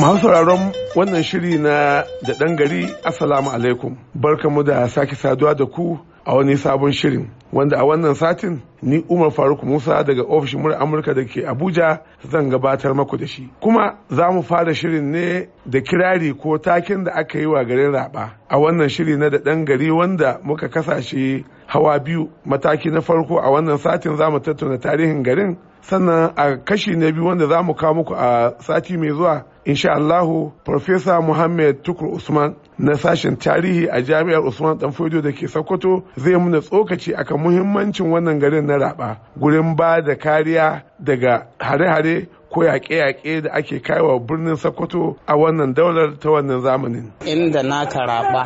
Masu sauraron wannan shiri na da ɗan gari Assalamu alaikum. Barkamu da sake saduwa da ku a wani sabon shirin wanda a wannan satin ni Umar Faruk Musa daga ofishin murar Amurka da ke Abuja zan gabatar maku da shi. Kuma za mu fara shirin ne da kirari ko takin da aka yi wa garin raba a wannan shiri na da ɗan gari wanda muka kasashe hawa biyu mataki na farko a wannan satin za mu tattauna tarihin garin sannan a kashi na biyu wanda za mu kawo muku a sati mai zuwa insha Allahu Profesa Muhammad Tukur Usman na sashen tarihi a jami'ar Usman Danfodio da ke Sokoto zai muna tsokaci akan muhimmancin wannan garin na raba gurin ba da kariya daga hare-hare ko yaƙe-yaƙe da ake kaiwa birnin Sokoto a wannan daular ta wannan zamanin. Inda na karaba,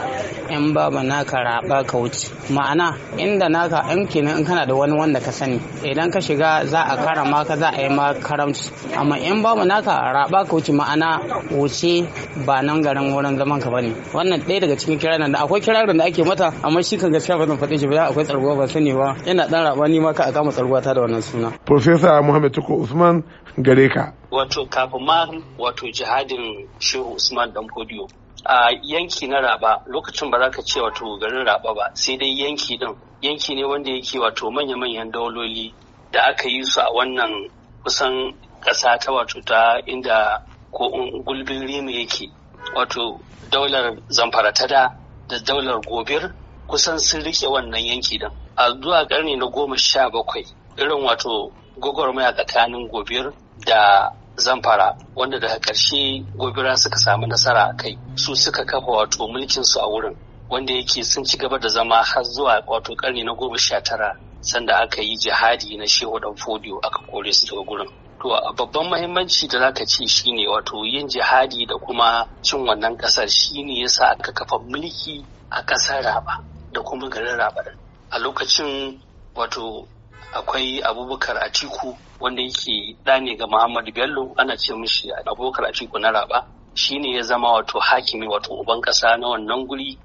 in baba na karaba ka wuce. Ma'ana inda na ka in kenan in kana da wani wanda ka sani idan ka shiga za a karama ka za a yi ma karamci amma in babu naka raba ka wuce ma'ana wuce ba nan garin wurin zaman ka bane wannan ɗaya daga cikin kirarin da akwai kirarin da ake mata amma shi kan gaskiya ba zan faɗe shi ba akwai tsarguwa ba sani ba Ina dan raba ni ma ka a kama tsarguwa ta da wannan suna. Profesa Muhammad Tuko Usman gare Afirka. wato kafin ma wato jihadin shehu usman dan fodiyo a yanki na raba lokacin ba za ka ce wato garin raba ba sai dai yanki din yanki ne wanda yake wato manya-manyan dauloli da aka yi su a wannan kusan ƙasa ta wato ta inda ko gulbin rimi yake wato daular zamfara ta da da daular gobir kusan sun rike wannan yanki din a zuwa ƙarni na goma sha bakwai irin wato gwagwarmaya tsakanin gobir da zamfara wanda daga ƙarshe gobira suka samu nasara a kai su suka kafa wato mulkinsu a wurin wanda yake sun ci gaba da zama har zuwa wato ƙarni na goma sha tara sanda aka yi jihadi na shehu dan fodiyo aka kore su daga gurin to babban mahimmanci da zaka ce shine wato yin jihadi da kuma cin wannan ƙasar shine yasa aka kafa mulki a ƙasar raba da kuma garin raba a lokacin wato akwai abubakar atiku wanda yake da ne ga Muhammadu Bello ana ce mishi abokar Atiku na Raba shi ne ya zama wato hakimi wato uban kasa na wannan guri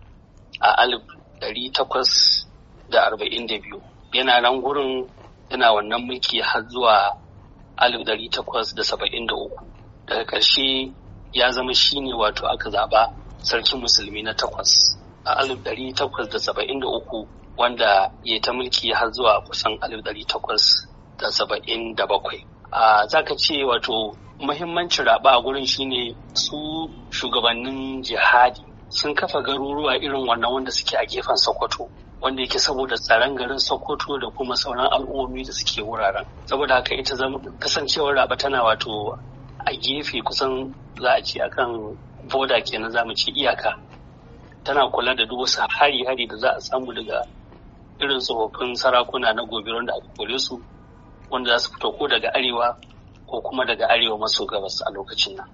a alif takwas da arba'in da biyu yana nan gurin yana wannan mulki har zuwa alif takwas da saba'in da uku daga ƙarshe ya zama shi ne wato aka zaba sarkin musulmi na takwas a alif takwas da saba'in da uku wanda ya ta mulki har zuwa kusan alif takwas da saba'in da bakwai. Za ka ce wato muhimmancin raba a gurin shine su shugabannin jihadi sun kafa garuruwa irin wannan wanda suke a gefen Sokoto. wanda yake saboda tsaron garin Sokoto da kuma sauran al'ummomi da suke wuraren. Saboda haka ita zama kasancewar raba tana wato a gefe kusan za a ce akan boda kenan za mu ce iyaka. Tana kula da duk wasu hari-hari da za a samu daga irin tsofaffin sarakuna na gobe wanda aka kore su wanda za su fito ko daga arewa ko kuma daga arewa maso gabas a lokacin nan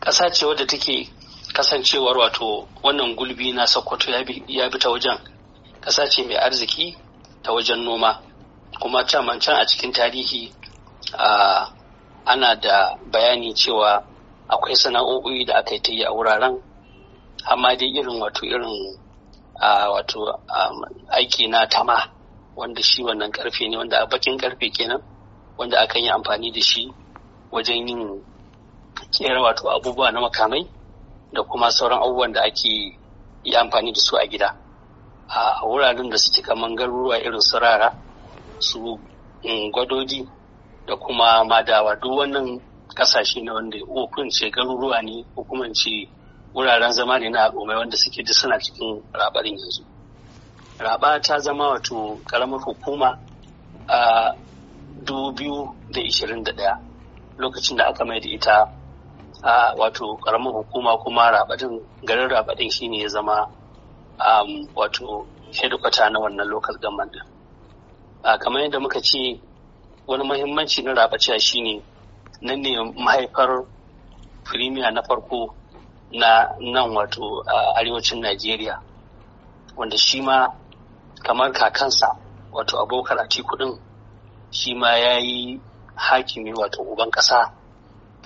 ƙasa ce wadda take kasancewar wato wannan gulbi na sokoto ya bi ta wajen ƙasa ce mai arziki ta wajen noma kuma can can a cikin tarihi ana da bayani cewa akwai sana'o'i da aka yi ta yi a wuraren amma dai irin wato irin wato aiki na tama wanda shi wannan karfe ne wanda a bakin karfe kenan wanda akan yi amfani da shi wajen yin kera wato abubuwa na makamai da kuma sauran abubuwan da ake yi amfani da su a gida a wuraren da suke kaman garuruwa irin su rara su gwadoji da kuma madawa duk wannan kasashe na wanda ce garuruwa ne ce wuraren zama ne na al'ummai wanda suke da suna cikin rabarin yanzu raba ta zama wato karamar hukuma a 2021 lokacin da aka mai da ita a wato karamar hukuma kuma rabadin garin rabadin shine ya zama um, wato hedikwata na wannan local government a kamar yadda muka ce wani mahimmanci na rabaciya shine nan ne mahaifar firimiya na farko na nan wato a arewacin najeriya wanda shi ma kamar kakansa wato abokar a din shi ma ya yi hakimi wato uban ƙasa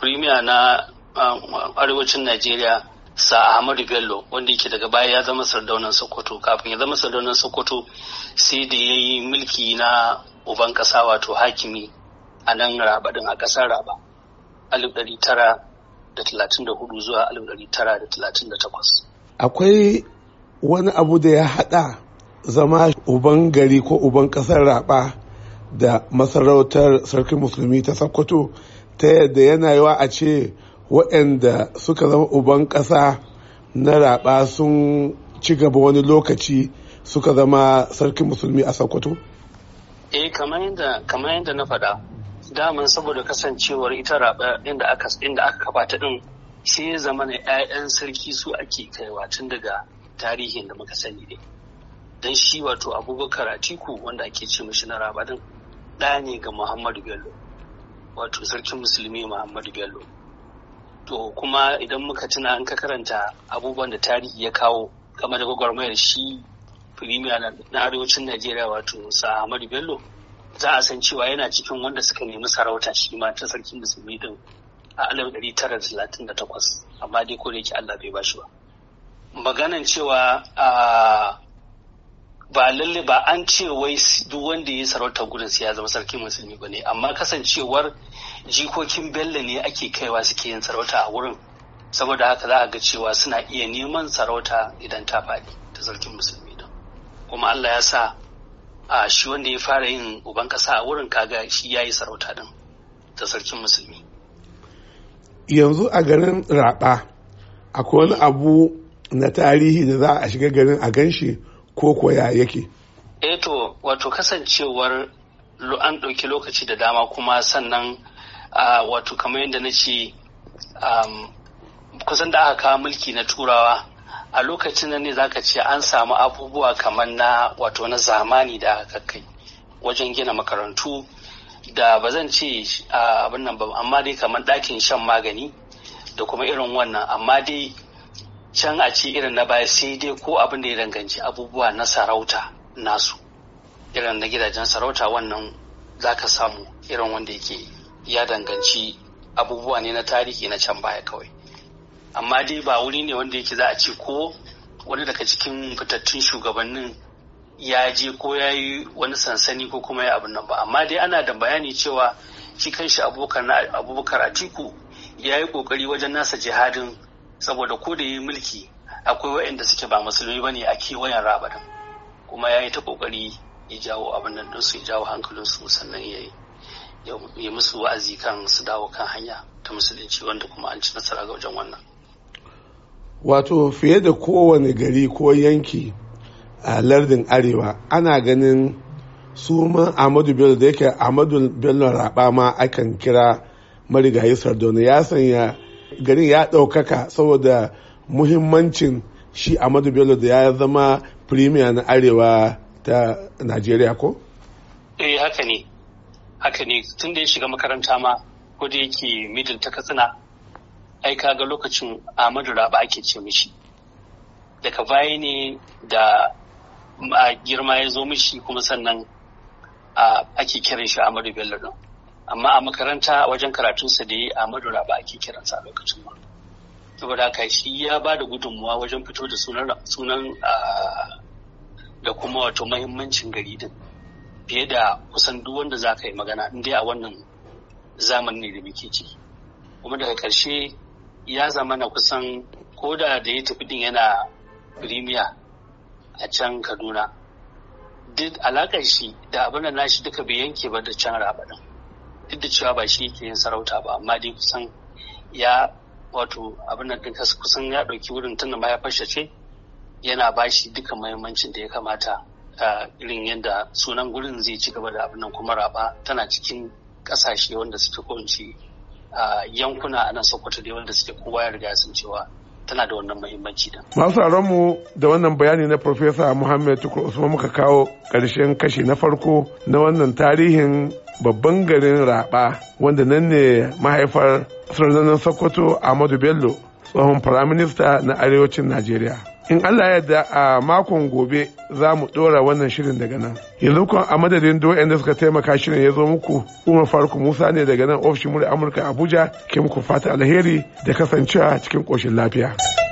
firimiya na um, arewacin najeriya sa ahmadu bello wanda yake daga baya ya zama sardaunan sokoto kafin ya zama sardaunan sokoto sai da ya yi mulki na uban ƙasa wato hakimi a nan raba a ƙasar raba 1934 zuwa 1938 akwai wani abu da ya haɗa zama uban gari ko uban ƙasar raba da masarautar sarkin musulmi ta sakkwato ta yadda yana yawa a ce waɗanda suka zama uban ƙasa na raba sun ci gaba wani lokaci suka zama sarkin musulmi a sakkwato? eh kamar yadda na faɗa daman saboda kasancewar ita raba inda aka inda aka kafa ta din sai ya zama na 'ya'yan sarki su ake kaiwa tun daga tarihin da muka sani dai dan shi wato abubakar atiku wanda ake ce mashi na raba din ɗa ne ga muhammadu bello wato sarkin musulmi muhammadu bello to kuma idan muka tuna an ka karanta abubuwan da tarihi ya kawo game da gwagwarmayar shi firimiya na arewacin najeriya wato sa ahmadu bello za a san cewa yana cikin wanda suka nemi sarauta shi ma ta sarkin musulmi din a alif ɗari tara talatin da takwas amma dai ko da yake allah bai bashi ba maganan cewa a ah, ba lalle ba an ce wai duk wanda ya sarauta gudun ya zama sarki musulmi ba ne amma kasancewar jikokin bello ne ake kaiwa suke yin sarauta a wurin saboda haka za a ga cewa suna iya neman sarauta idan ta faɗi ta sarkin musulmi don kuma Allah ya sa a shi wanda ya fara yin uban ƙasa a wurin kaga shi ya yi sarauta din ta sarkin musulmi yanzu a garin raɓa akwai wani abu na tarihi da za a shiga garin a ganshi shi ko koya yake eto eh wato kasancewar an ɗauki lokaci da dama kuma sannan wato kamar yadda na ce kusan da aka kawo mulki na turawa a lokacin nan ne zaka ce an samu abubuwa kamar na wato na zamani da aka kai wajen gina makarantu da ba zan ce abin nan ba amma dai kamar dakin shan magani da kuma irin wannan amma dai can a ci irin na baya sai dai ko abin da ya danganci abubuwa na sarauta nasu irin na gidajen sarauta wannan za ka samu irin wanda yake ya danganci abubuwa ne na tarihi na can baya kawai amma dai ba wuri ne wanda yake za a ce ko wani daga cikin fitattun shugabannin ya je ko ya yi wani sansani ko kuma ya abin nan ba amma dai ana da bayani cewa shi kanshi abubakar atiku ya yi kokari wajen nasa jihadin saboda ko da yi mulki akwai waɗanda suke ba musulmi bane a kewayen rabadan kuma ya yi ta kokari ya jawo abin nan su ya jawo hankalinsu sannan ya yi musu wa'azi kan su dawo kan hanya ta musulunci wanda kuma an ci nasara ga wajen wannan wato fiye da kowane gari ko yanki a lardin arewa ana ganin suman Amadu bello da yake ahmadu bello raba ma akan kira marigayi sardauna ya sanya garin ya ɗaukaka saboda muhimmancin shi Amadu Bello da ya zama premier na arewa ta Najeriya ko? Eh haka ne. Haka ne tun da ya shiga makaranta ma ko da yake middle ta katsina ai kaga lokacin Amadu Raba ake ce mishi. Daga baya ne da girma ya zo mishi kuma sannan ake kiran shi Amadu Bello amma a makaranta wajen karatunsa da yi, ya madura ba ake kiransa a lokacin ba. saboda haka shi ya ba da gudunmuwa wajen fito da sunan da kuma wato mahimmancin gari din fiye da kusan duk wanda za ka yi magana in dai a wannan zamanin da muke ci. kuma daga ƙarshe ya zama na kusan koda da ya tafi din yana firimiya a can kaduna duk alaƙar shi da abin da nashi duka bai yanke ba da can rabaɗin duk da cewa ba shi yake yin sarauta ba amma dai kusan ya wato abin da kusan ya ɗauki wurin tunda ma ya fashe ce yana ba shi duka muhimmancin da ya kamata a irin yadda sunan gurin zai ci gaba da abin nan kuma raba tana cikin ƙasashe wanda suke kunci a yankuna a nan sokoto dai wanda suke kowa ya riga sun cewa tana da wannan muhimmanci da. Masu mu da wannan bayani na Profesa Muhammad Tukur Usman muka kawo ƙarshen kashi na farko na wannan tarihin babban garin Raba wanda nan ne mahaifar sarnanin Sokoto Ahmadu Bello tsohon firaminista na arewacin najeriya in Allah yadda a makon gobe za mu ɗora wannan shirin daga nan yanzu kun a madadin doyen da suka taimaka shirin ya zo muku umar faruk musa ne daga nan ofishin murya amurka abuja ke muku fata alheri da kasancewa cikin koshin lafiya.